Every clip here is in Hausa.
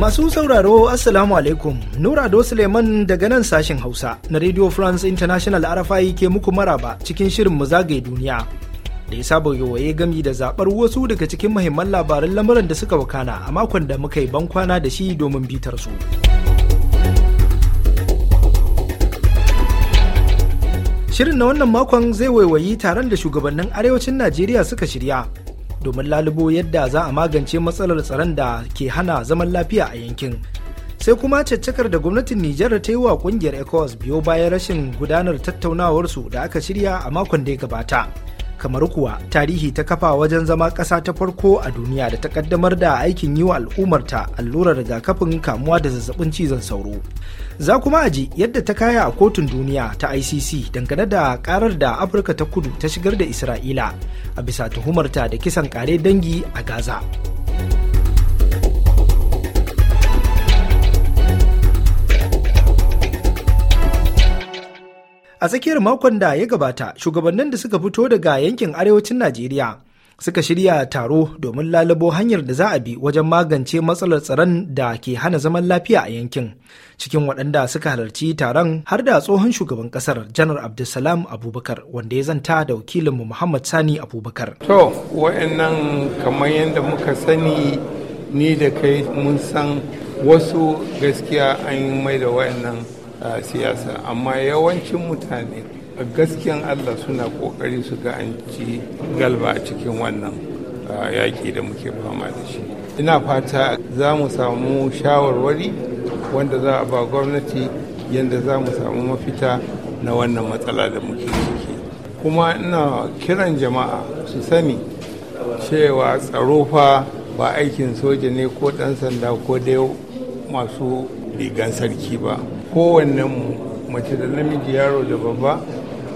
Masu sauraro Assalamu alaikum Nura Ado Suleiman daga nan sashen Hausa na Radio France International RFI ke muku maraba cikin shirin mu zagaye duniya da ya saba yawaye gami da zabar wasu daga cikin mahimman labaran lamuran da suka wakana a makon da muka yi bankwana da shi domin bitar su. Shirin na wannan makon zai waiwayi taron da shugabannin arewacin Najeriya suka shirya domin lalubo yadda za a magance matsalar tsaron da ke hana zaman lafiya a yankin sai kuma caccakar da gwamnatin nijar ta yi wa kungiyar Ecos biyo bayan rashin gudanar tattaunawarsu da aka shirya a makon da ya gabata kamar kuwa tarihi ta kafa wajen zama ƙasa ta farko a duniya da ta ƙaddamar da aikin yi wa al'ummarta allurar rigakafin kamuwa da zazzabin cizon sauro za kuma a yadda ta kaya a kotun duniya ta icc dangane da karar da afirka ta kudu ta shigar da isra'ila a bisa tuhumarta da kisan kare dangi a gaza. A tsakiyar makon da ya gabata, shugabannin da suka fito daga yankin arewacin Najeriya suka shirya taro domin lalabo hanyar da za a bi wajen magance matsalar tsaron da ke hana zaman lafiya a yankin. Cikin waɗanda suka halarci taron har da tsohon shugaban ƙasar Janar Abdulsalam Abubakar wanda ya zanta da mu Muhammad Sani Abubakar. To, wa'annan kamar yadda muka sani ni da kai mun san wasu gaskiya an yi mai da wa'annan A siyasa amma yawancin mutane a gaskiyan allah suna kokari su ga an ci galba a cikin wannan yaƙi da muke fama da shi ina fata za mu samu shawarwari wanda za a ba gwamnati yadda za mu samu mafita na wannan matsala da muke ciki kuma ina kiran jama'a su sani cewa tsaro fa ba aikin soja ne ko ɗan sanda ko dai masu rigan sarki ba kowannen mu mace da namiji yaro da babba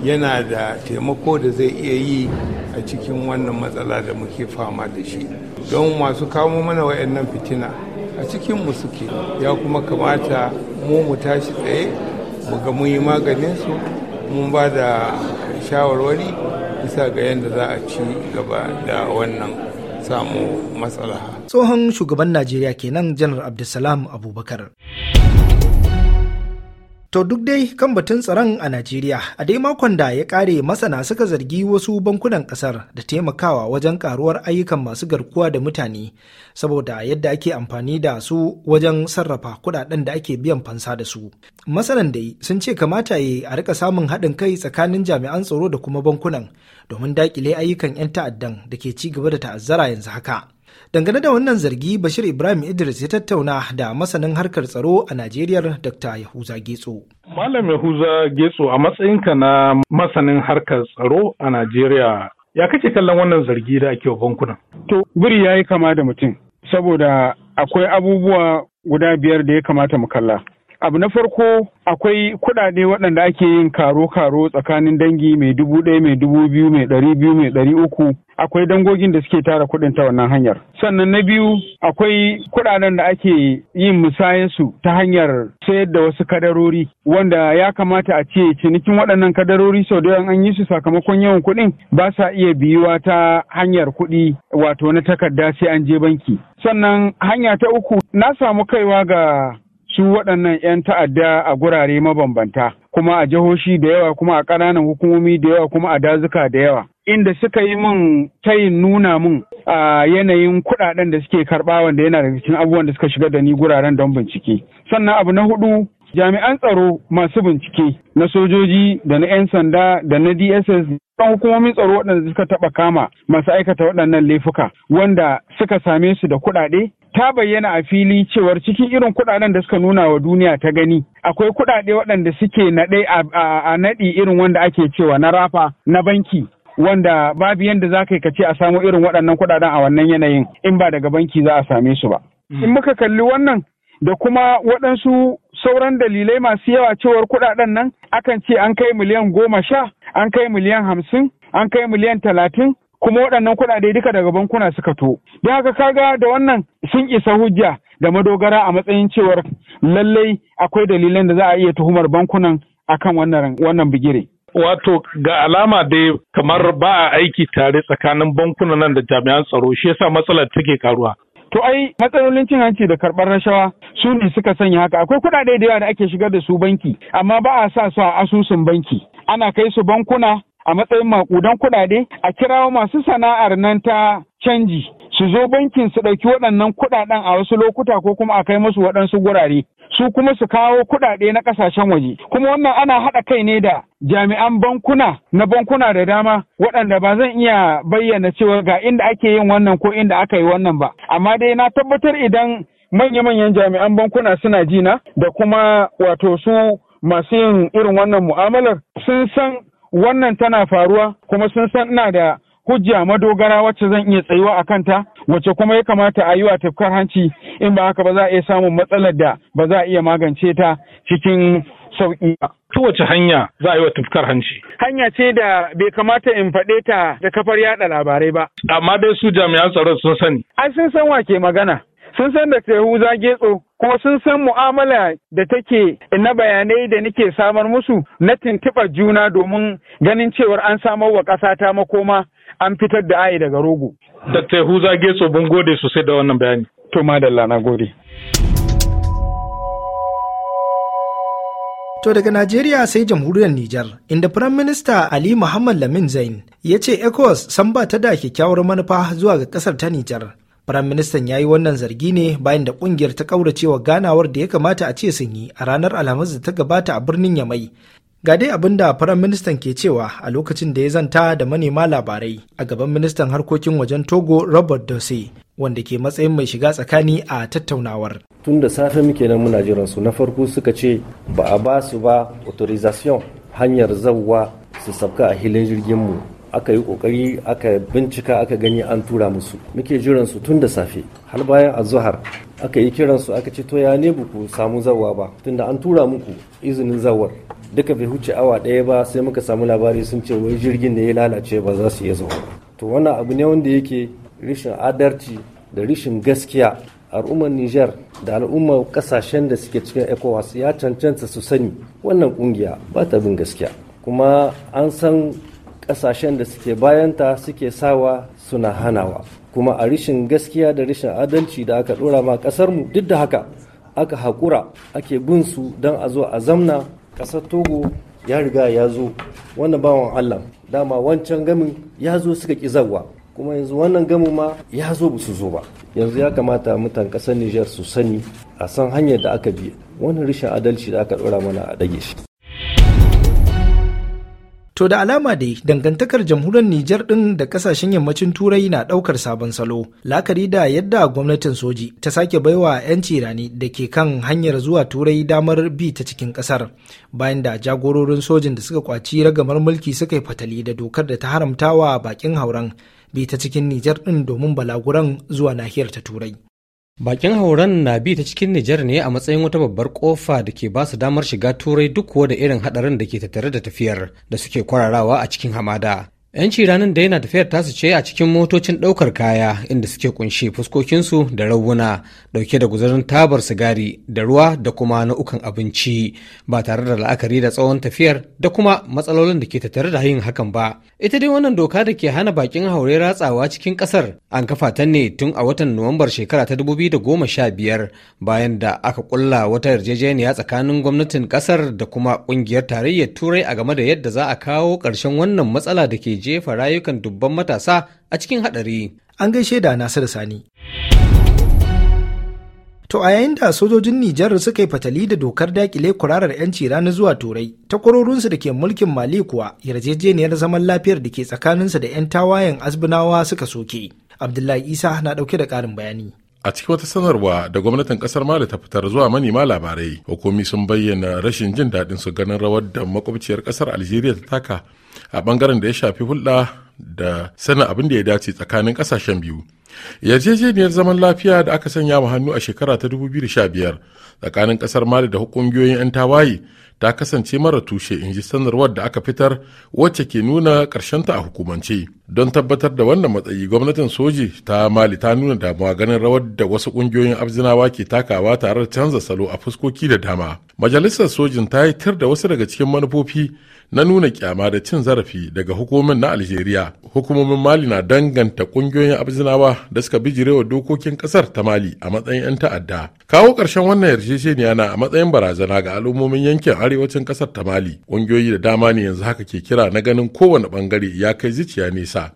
yana da taimako da zai iya yi a cikin wannan matsala da muke fama da shi don masu kamo mana wayannan fitina a cikin mu suke ya kuma kamata mu mu tashi tsaye mu ga mun yi maganin su mun ba da shawarwari bisa ga yadda za a ci gaba da wannan samu matsala. Tsohon shugaban Najeriya kenan Janar Abdulsalam Abubakar. To duk dai kan batun tsaron a Najeriya, a dai makon da ya kare masana suka zargi wasu bankunan kasar da taimakawa wajen karuwar ayyukan masu garkuwa da mutane saboda yadda ake amfani da su wajen sarrafa kudaden da ake biyan fansa da su. Masanan dai sun ce kamata yi a rika samun haɗin kai tsakanin jami'an tsaro da kuma bankunan domin daƙile ayyukan 'yan ta'addan da ke ci gaba da ta'azzara yanzu haka. Dangane da wannan zargi Bashir Ibrahim Idris ya tattauna da masanin harkar tsaro a Najeriya Dr. Yahuza Getso. Malam Yahuza Getso a matsayinka na masanin harkar tsaro a Najeriya ya kace kallon wannan zargi da ake bankuna? To, biri ya yi kama da mutum, saboda akwai abubuwa guda biyar da ya kamata mu kalla. abu na farko akwai kuɗaɗe waɗanda ake yin karo-karo tsakanin dangi mai dubu ɗaya mai dubu biyu mai ɗari biyu mai ɗari uku akwai dangogin da suke tara kuɗin ta wannan hanyar sannan na biyu akwai kuɗaɗen da ake yin musayensu ta hanyar sayar da wasu kadarori wanda ya kamata a ce cinikin waɗannan kadarori sau da an yi su sakamakon yawan kuɗin ba sa iya biyuwa ta hanyar kuɗi wato na takarda sai an je banki sannan hanya ta uku na samu kaiwa ga su waɗannan 'yan ta'adda a gurare mabambanta kuma a jihohi da yawa kuma a ƙananan hukumomi da yawa kuma a dazuka da yawa inda suka yi min tayin nuna min a yanayin kuɗaɗen da suke karɓa wanda yana da cikin abubuwan da suka shiga da ni guraren don bincike sannan abu na hudu jami'an tsaro masu bincike na sojoji da na 'yan sanda da na dss ɗan hukumomin tsaro waɗanda suka taɓa kama masu aikata waɗannan laifuka wanda suka same su da kuɗaɗe ta bayyana a fili cewar cikin irin kuɗaɗen da suka nuna wa duniya ta gani akwai kuɗaɗe waɗanda suke naɗe a naɗi irin wanda ake cewa na rafa na banki wanda babu yadda za ka yi kace a samo irin waɗannan kuɗaɗen a wannan yanayin in ba daga banki za a same su ba. Mm. In muka kalli wannan da kuma waɗansu sauran dalilai masu yawa cewar kuɗaɗen nan akan ce an kai miliyan goma sha an kai miliyan hamsin an kai miliyan talatin kuma waɗannan kuɗaɗe duka daga bankuna suka to. Da haka ka ga da wannan sun isa hujja da madogara a matsayin cewar lallai akwai dalilan da za a iya tuhumar bankunan akan wannan wannan bigire. Wato ga alama dai kamar ba a aiki tare tsakanin bankuna nan da jami'an tsaro shi yasa matsalar take karuwa. To ai matsalolin cin hanci da karɓar rashawa su ne suka sanya haka akwai kuɗaɗe da yawa da ake shigar da su banki amma ba a sa su a asusun banki ana kai su bankuna a matsayin makudan kuɗaɗe a kirawo masu sana'ar nan ta canji su zo bankin su ɗauki waɗannan kuɗaɗen a wasu lokuta ko kuma a kai musu waɗansu gurare su kuma su kawo kuɗaɗe na ƙasashen waje kuma wannan ana haɗa kai ne da jami'an bankuna na bankuna da dama waɗanda ba zan iya bayyana cewa ga inda ake yin wannan ko inda aka yi wannan ba amma dai na tabbatar idan manya-manyan jami'an bankuna suna jina da kuma wato su masu yin irin wannan mu'amalar sun san wannan tana faruwa kuma sun san ina da hujja madogara wacce zan iya tsayuwa a kanta wacce kuma ya kamata a yi wa tafkar hanci in ba haka ba za a iya samun matsalar da ba za a iya magance ta cikin sauƙi ba. Ta wace hanya za a yi wa tafkar hanci? Hanya ce da bai kamata in faɗe ta da kafar yaɗa labarai ba. Amma dai su jami'an tsaron sun sani. Ai sun san wa ke magana. sun san da Yahuza Getso kuma sun san mu'amala da take na bayanai da nake samar musu na tuntuɓar juna domin ganin cewar an samar wa ƙasa ta makoma an fitar da ayi daga rogo. Dr. Yahuza Getso mun gode sosai da wannan bayani. To madalla na gode. To daga Najeriya sai jamhuriyar Nijar, inda Firayim Minista Ali Muhammad Lamin Zain ya ce ECOWAS san ba ta da kyakkyawar manufa zuwa ga kasar ta Nijar, Firaministan ya yi wannan zargi ne bayan da kungiyar ta kauracewa ganawar da ya kamata a ce sun yi a ranar Alhamis da ta gabata a birnin Yamai. Ga dai abin da Firaministan ke cewa a lokacin da ya zanta da manema labarai a gaban ministan harkokin wajen Togo Robert Dose wanda ke matsayin mai shiga tsakani a tattaunawar. Tun da safe muke nan muna jiran su na farko suka ce ba a ba su ba authorization hanyar zauwa su sabka a hilin jirgin mu aka yi kokari aka bincika aka gani an tura musu muke jiran su tun da safe har bayan azuhar aka yi kiran su aka ce to ya ne ku samu zawa ba tunda an tura muku izinin zawar duka bai huce awa ɗaya ba sai muka samu labari sun ce wai jirgin ne ya lalace ba za su iya zuwa to wannan abu ne wanda yake rishin adalci da rishin gaskiya al'ummar Nijar da al'ummar kasashen da suke cikin ECOWAS ya cancanta su sani wannan kungiya ba ta bin gaskiya kuma an san kasashen da suke bayanta suke sawa suna hanawa kuma a rishin gaskiya da rishin adalci da aka dora ma mu duk da haka aka haƙura ake bin su don a zo a zamna ƙasar togo ya riga ya zo wannan bawan allah dama wancan gamin ya zo suka ƙi zawa kuma yanzu wannan gamin ma ya zo ba su zo ba yanzu ya kamata mutan ƙasar niger su sani a san hanyar da aka bi wannan rishin adalci da aka dora mana a dage shi To da alama dai dangantakar jamhuriyar Nijar ɗin da ƙasashen yammacin Turai na ɗaukar sabon salo, lakari da yadda gwamnatin soji ta sake baiwa 'yanci rani da ke kan hanyar zuwa Turai damar bi ta cikin ƙasar, bayan da jagororin sojin da suka kwaci ragamar mulki suka yi fatali da dokar da ta haramtawa bakin hauren bi ta cikin Nijar ɗin domin balaguran zuwa nahiyar ta Turai. Bakin hauren na bi ta cikin Nijar ne a matsayin wata babbar kofa da ke basu damar shiga turai duk kuwa da irin hadarin da ke tattare da tafiyar da suke kwararawa a cikin hamada. 'yanci ranar da yana tafiyar tasu ce a cikin motocin ɗaukar kaya inda suke kunshi fuskokinsu da rawuna dauke da guzarin tabar sigari da ruwa da kuma na'ukan abinci ba tare da la'akari da tsawon tafiyar da kuma matsalolin da ke tattare da yin hakan ba ita dai wannan doka da ke hana bakin haure ratsawa cikin kasar an kafa ta ne tun a watan nuwambar shekara ta da goma sha biyar bayan da aka kulla wata yarjejeniya tsakanin gwamnatin kasar da kuma kungiyar tarayyar turai a game da yadda za a kawo ƙarshen wannan matsala da ke jefa rayukan dubban matasa a cikin haɗari. An gaishe da Nasiru Sani. To a yayin da sojojin Nijar suka yi fatali da dokar dakile kurarar 'yanci ranar zuwa Turai, ta takwarorinsu da ke mulkin Mali kuwa yarjejeniyar zaman lafiyar da ke tsakaninsu da 'yan tawayen azbinawa suka soke. Abdullahi Isa na ɗauke da ƙarin bayani. a cikin wata sanarwa da gwamnatin kasar mali ta fitar zuwa manema labarai hukumi sun bayyana rashin jin daɗin su ganin rawar da makwabciyar ƙasar algeria ta taka a bangaren da ya shafi hulɗa da sanin abin da ya dace tsakanin ƙasashen biyu yarjejeniyar zaman lafiya da aka sanya wa hannu a shekara ta 2015 tsakanin ƙasar mali da hukungiyoyin 'yan tawaye ta kasance mara tushe inji ji sanarwar da aka fitar wacce ke nuna ta a hukumance don tabbatar da wannan matsayi gwamnatin soji ta mali ta nuna damuwa ganin rawar da wasu ƙungiyoyin abzinawa ke takawa tare da canza salo a fuskoki da dama majalisar sojin ta yi tir da wasu daga cikin manufofi na nuna kyama da cin zarafi daga hukumomin na algeria hukumomin mali na danganta kungiyoyin abzinawa da suka bijirewa dokokin kasar ta mali a matsayin 'yan ta'adda kawo ƙarshen wannan yarjejeniya na a matsayin barazana ga al'ummomin yankin arewacin kasar ta mali kungiyoyi da dama ne yanzu haka ke kira na ganin kowane bangare ya kai zuciya nesa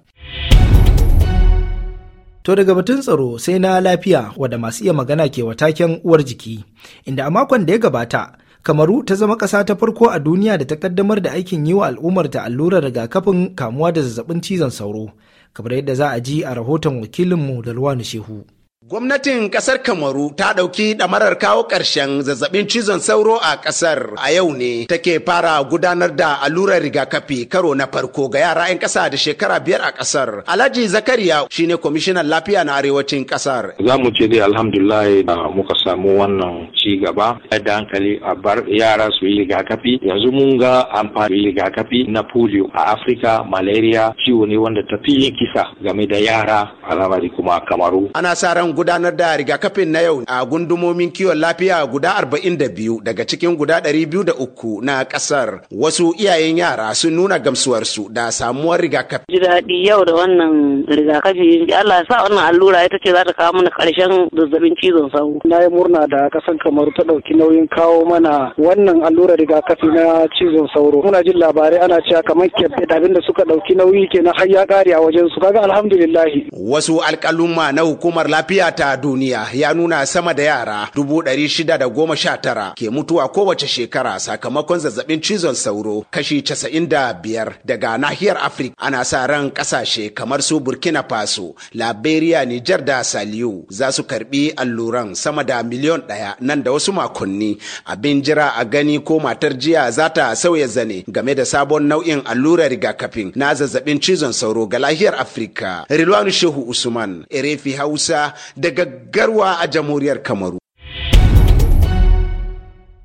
To daga batun tsaro sai na lafiya wadda masu iya magana ke wataken uwar jiki, inda a makon da ya gabata Kamaru ta zama ƙasa ta farko a duniya da ta kaddamar da aikin yi wa al'ummar al'ummarta allurar rigakafin kamuwa da zazzabin cizon sauro, kamar yadda za a ji a rahoton wakilinmu da Luwani Shehu. Gwamnatin kasar Kamaru ta ɗauki ɗamarar kawo ƙarshen zazzabin cizon sauro a ƙasar a yau ne take fara gudanar da allurar rigakafi karo na farko ga yara 'yan ƙasa da shekara biyar a ƙasar. Alhaji Zakariya shine kwamishinan lafiya na arewacin ƙasar. Za mu ce dai alhamdulillah da muka samu wannan ci gaba da hankali a bar yara su yi rigakafi yanzu mun ga amfani rigakafi na polio a Afirka malaria ciwo ne wanda ta fi kisa game da yara alhamari kuma Kamaru. Ana sa ran gudanar da rigakafin na yau a gundumomin kiwon lafiya guda 42 daga cikin guda 203 na kasar wasu iyayen yara sun nuna gamsuwarsu da samuwar rigakafi. ji daɗi yau da wannan rigakafi Allah sa wannan allura ita ce za ta kawo mana karshen zazzabin cizon sauro. na yi murna da kasan kamar ta ɗauki nauyin kawo mana wannan allura rigakafi na cizon sauro muna jin labarai ana cewa kamar kyabbe da da suka ɗauki nauyi kenan har ya ƙare a wajen su kaga alhamdulillah wasu alƙaluma na hukumar lafiya ta duniya ya nuna sama da yara dubu ɗari shida da goma sha tara ke mutuwa kowace shekara sakamakon zazzabin cizon sauro kashi casa'in da biyar daga nahiyar afirka ana sa ran kasashe kamar su burkina faso liberia nijar da saliyu za su karbi alluran sama da miliyon daya nan da wasu makonni abin jira a gani ko matar jiya za ta sauya zane game da sabon nau'in allurar rigakafin na zazzabin cizon sauro ga lahiyar afirka rilwanu shehu usman erefi hausa da gaggarwa a jamhuriyar kamaru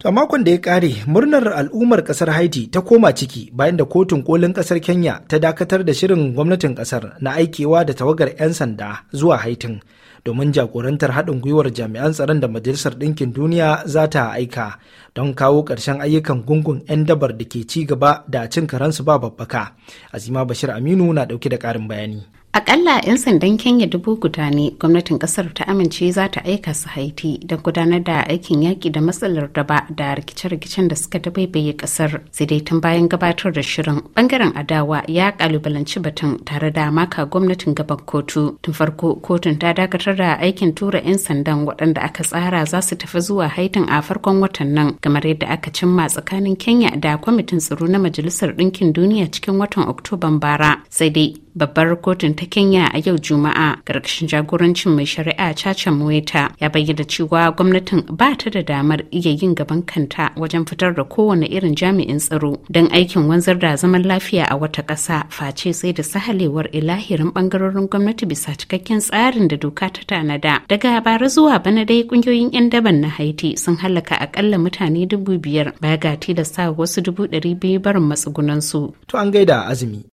a makon da ya kare murnar al'ummar kasar haiti ta koma ciki bayan da kotun kolin kasar kenya ta dakatar da shirin gwamnatin kasar na aikewa da tawagar 'yan sanda zuwa haitin domin jagorantar haɗin gwiwar jami'an tsaron da majalisar ɗinkin duniya za ta aika don kawo ƙarshen ayyukan gungun 'yan dabar da ke ci gaba da cin karansu ba babbaka azima bashir aminu na ɗauke da ƙarin bayani Akalla 'yan sandan Kenya dubu guda ne gwamnatin ƙasar ta amince za ta aika su Haiti don gudanar da aikin yaƙi da matsalar da ba da rikice-rikicen da suka dabaibaye kasar. Sai dai tun bayan gabatar da shirin bangaren adawa ya kalubalanci batun tare da maka gwamnatin gaban kotu. Tun farko kotun ta dakatar da aikin tura 'yan sandan waɗanda aka tsara za su tafi zuwa Haitin a farkon watan nan kamar yadda aka cimma tsakanin Kenya da kwamitin tsaro na Majalisar Ɗinkin Duniya cikin watan Oktoban bara. Sai dai babbar kotun ta ta Kenya a yau Juma'a karkashin jagorancin mai shari'a Chacha Mueta ya bayyana cewa gwamnatin ba ta da damar iya yin gaban kanta wajen fitar da kowane irin jami'in tsaro don aikin wanzar da zaman lafiya a wata ƙasa face sai da sahalewar ilahirin bangarorin gwamnati bisa cikakken tsarin da doka ta tanada. Daga bara zuwa bana dai ƙungiyoyin 'yan daban na Haiti sun halaka akalla mutane dubu biyar baya ga tilasta wasu dubu ɗari biyu barin matsugunansu. To an gaida azumi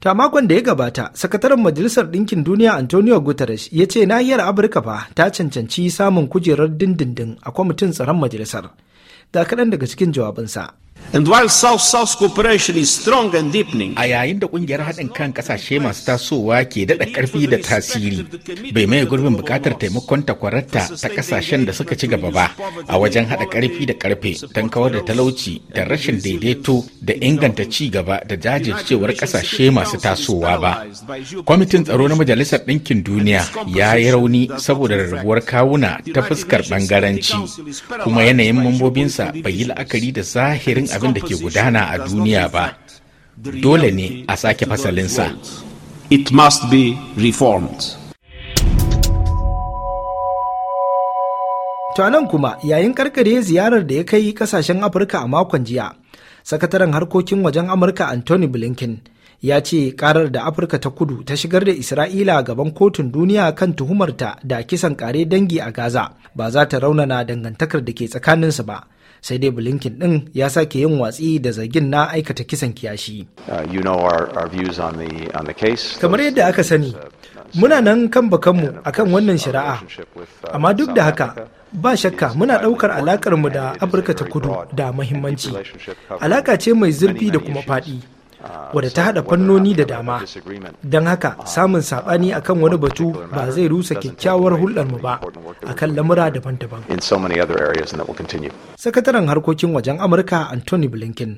Ta makon da ya gabata, sakataren Majalisar Ɗinkin Duniya Antonio Guterres ya ce nahiyar Afirka fa ta cancanci samun kujerar dindindin a kwamitin tsaron majalisar. Da kaɗan daga cikin jawabinsa. And while South-South cooperation is strong and deepening, a yayin da kungiyar haɗin kan ƙasashe masu tasowa ke daɗa ƙarfi da tasiri, bai maye gurbin buƙatar taimakon takwararta ta ƙasashen da suka ci gaba ba a wajen haɗa ƙarfi da ƙarfe don kawar da talauci da rashin daidaito da inganta ci gaba da jajircewar ƙasashe masu tasowa ba. Kwamitin tsaro na Majalisar Ɗinkin Duniya ya yi rauni saboda rarrabuwar kawuna ta fuskar ɓangaranci, kuma yanayin mambobinsa bai yi la'akari da zahirin abin da ke gudana a duniya ba dole ne a sake fasalinsa it must be reformed To nan kuma yayin karkare ziyarar da ya kai kasashen Afirka a makon jiya, sakataren harkokin wajen Amurka Anthony Blinken ya ce karar da Afirka ta kudu ta shigar da Isra'ila gaban kotun duniya kan tuhumarta da kisan kare dangi a Gaza ba za ta raunana dangantakar da ke tsakaninsu ba. sai dai blinken din ya sake yin watsi da zargin na aikata kisan kiyashi uh, kamar yadda aka sani uh, muna nan kan bakanmu a kan wannan uh, shari'a amma duk da haka ba shakka muna ɗaukar alakarmu da afirka ta kudu da mahimmanci alaka ce mai zurfi da kuma faɗi wadda ta hada fannoni da dama don haka samun saɓani akan wani batu ba zai rusa kyakkyawar hulɗarmu ba akan lamura daban-daban sakataren harkokin wajen amurka anthony blinken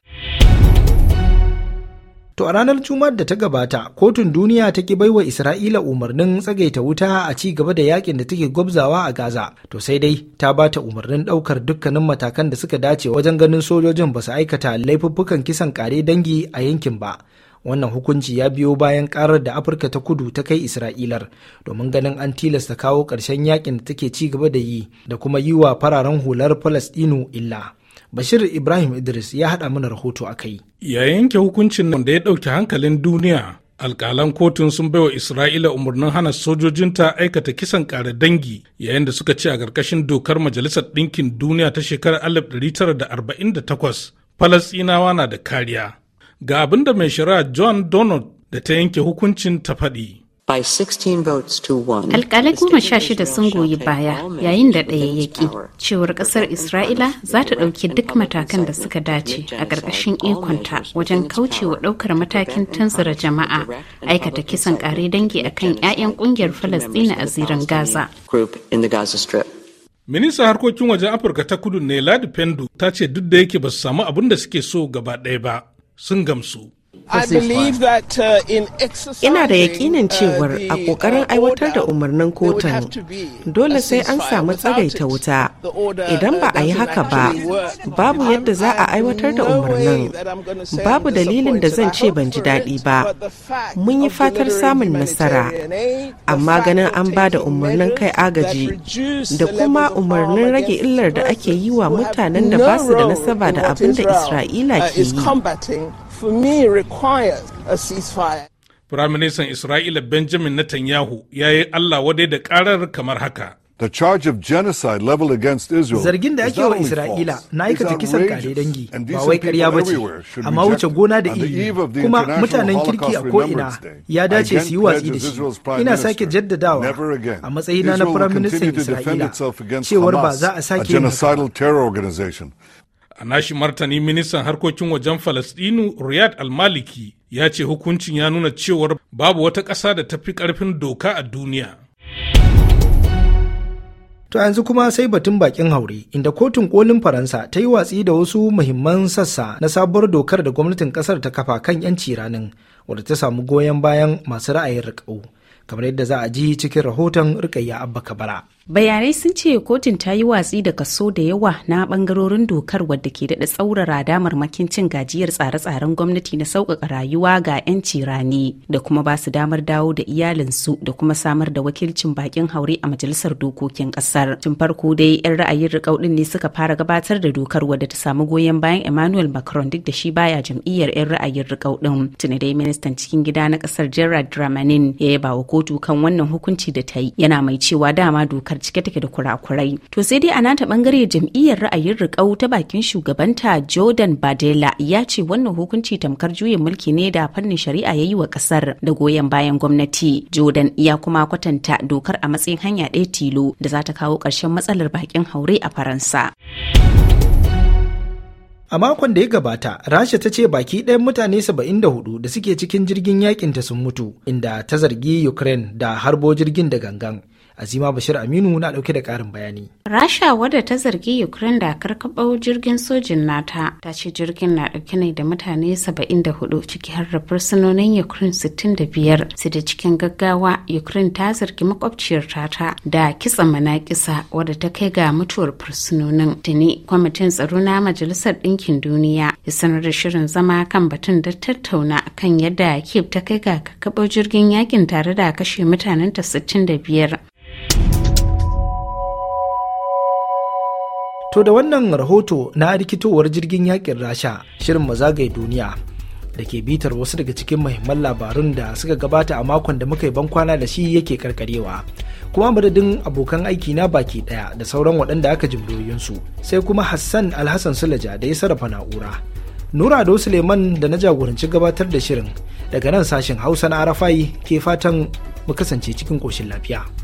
To a ranar Juma'ar da ta gabata, kotun duniya ta ki baiwa Isra'ila umarnin tsagaita wuta a ci gaba da yakin da take gwabzawa a Gaza. To sai dai ta ba ta umarnin ɗaukar dukkanin matakan da suka dace wajen ganin sojojin ba su aikata laifuffukan kisan kare dangi a yankin ba. Wannan hukunci ya biyo bayan karar da Afirka ta kudu ta kai Isra'ilar domin ganin an tilasta kawo ƙarshen yakin da take ci gaba da yi da kuma yi wa fararen hular Falasɗinu illa. Bashir Ibrahim Idris ya haɗa mana rahoto a kai. yayin yanke hukuncin nan da ya ɗauki hankalin duniya. Alƙalan kotun sun baiwa Isra'ila umarnin hana sojojinta aikata kisan ƙara dangi yayin da suka ce a ƙarƙashin dokar Majalisar Ɗinkin Duniya ta shekarar 1948 Falasɗinawa na da kariya. Ga abin da mai shari'a John Donald da ta yanke hukuncin ta faɗi. Alƙalai goma sha shida sun goyi baya yayin da ɗaya ya cewar ƙasar Isra'ila za ta ɗauki duk matakan da suka dace a ƙarƙashin ikonta wajen kaucewa ɗaukar matakin tanzara jama'a aikata kisan ƙare dangi a kan 'ya'yan ƙungiyar Falasɗina a ziran Gaza. Ministan harkokin wajen Afirka ta kudu ne Ladi Pendu ta ce duk da yake ba su samu abin da suke so gaba ɗaya ba sun gamsu. Ina uh, da yakinin uh, cewar a uh, ƙoƙarin aiwatar da umarnin kotun dole sai an samu tsagaita wuta. Idan ba a yi haka ba, babu yadda za a aiwatar da umarnin. Babu dalilin da zan ce ban ji daɗi ba. Mun yi fatar samun nasara, amma ganin an ba da umarnin kai agaji da kuma umarnin rage illar da ake yi wa mutanen da ba su da nasaba da abin da Isra'ila ke yi. for me requires a ceasefire. Firaministan Isra'ila Benjamin Netanyahu ya yi Allah wadai da karar kamar haka. The charge of genocide level against Israel. Zargin da ake wa Isra'ila na aikata kisan kare dangi ba wai karya ba ce, amma wuce gona da iri kuma mutanen kirki a ko'ina ya dace su yi watsi da shi. Ina sake jaddadawa a matsayina na Firaministan Isra'ila cewar ba za a sake yin a nashi martani ministan harkokin wajen falasdinu riyad almaliki ya ce hukuncin ya nuna cewar babu wata ƙasa da ta fi ƙarfin doka a duniya To yanzu kuma sai batun bakin haure inda kotun kolin Faransa ta yi watsi da wasu muhimman sassa na sabuwar dokar da gwamnatin kasar ta kafa kan yanci ranin wadda ta samu goyon bayan masu ra'ayin riƙau kamar yadda za a ji cikin rahoton rikayya abba kabara. bayanai sun ce kotun ta yi watsi da kaso da yawa na bangarorin dokar wadda ke daɗa tsaurara damarmakin cin gajiyar tsare-tsaren gwamnati na sauƙaƙa rayuwa ga 'yanci rani da kuma ba su damar dawo da iyalinsu da kuma samar da wakilcin bakin haure a majalisar dokokin ƙasar tun farko dai 'yan ra'ayin riƙau ɗin ne suka fara gabatar da dokar wadda ta samu goyon bayan emmanuel macron duk da shi baya jam'iyyar 'yan ra'ayin riƙau ɗin tuni dai ministan cikin gida na ƙasar gerard dramanin ya yaba wa kotu kan wannan hukunci da ta yi yana mai cewa dama doka cike take da kurakurai to sai dai a nata bangare jam'iyyar ra'ayin rikau ta bakin shugabanta jordan badela ya ce wannan hukunci tamkar juyin mulki ne da fannin shari'a ya yi wa kasar da goyon bayan gwamnati jordan ya kuma kwatanta dokar a matsayin hanya ɗaya tilo da za ta kawo ƙarshen matsalar bakin haure a faransa. A makon da ya gabata, Rasha ta ce baki ɗayan mutane 74 da suke cikin jirgin yakinta sun mutu, inda ta zargi Ukraine da harbo jirgin da gangan. Azima Bashir Aminu na dauke da karin bayani. Rasha wadda ta zargi Ukraine da karkabo jirgin sojin nata ta ce jirgin na dauke ne da mutane 74 ciki har da fursunonin Ukraine 65 su da cikin gaggawa Ukraine ta zargi makwabciyar tata da kitsa manakisa wadda ta kai ga mutuwar fursunonin. Tuni kwamitin tsaro na Majalisar ɗinkin Duniya ya sanar da shirin zama kan batun da tattauna kan yadda Kiev ta kai ga kakkaɓo jirgin yakin tare da kashe mutanen ta 65. To da wannan rahoto na rikitowar jirgin yakin Rasha shirin mazagaye duniya da ke bitar wasu daga cikin mahimman labarun da suka gabata a makon da muka yi bankwana da shi yake karkarewa. Kuma madadin abokan aiki na baki daya da sauran waɗanda aka jimdoyinsu sai kuma Hassan Alhassan Sulaja da ya sarrafa na'ura. Nura Ado Suleiman da na jagoranci gabatar da shirin daga nan sashen Hausa na Arafai ke fatan mu kasance cikin ƙoshin lafiya.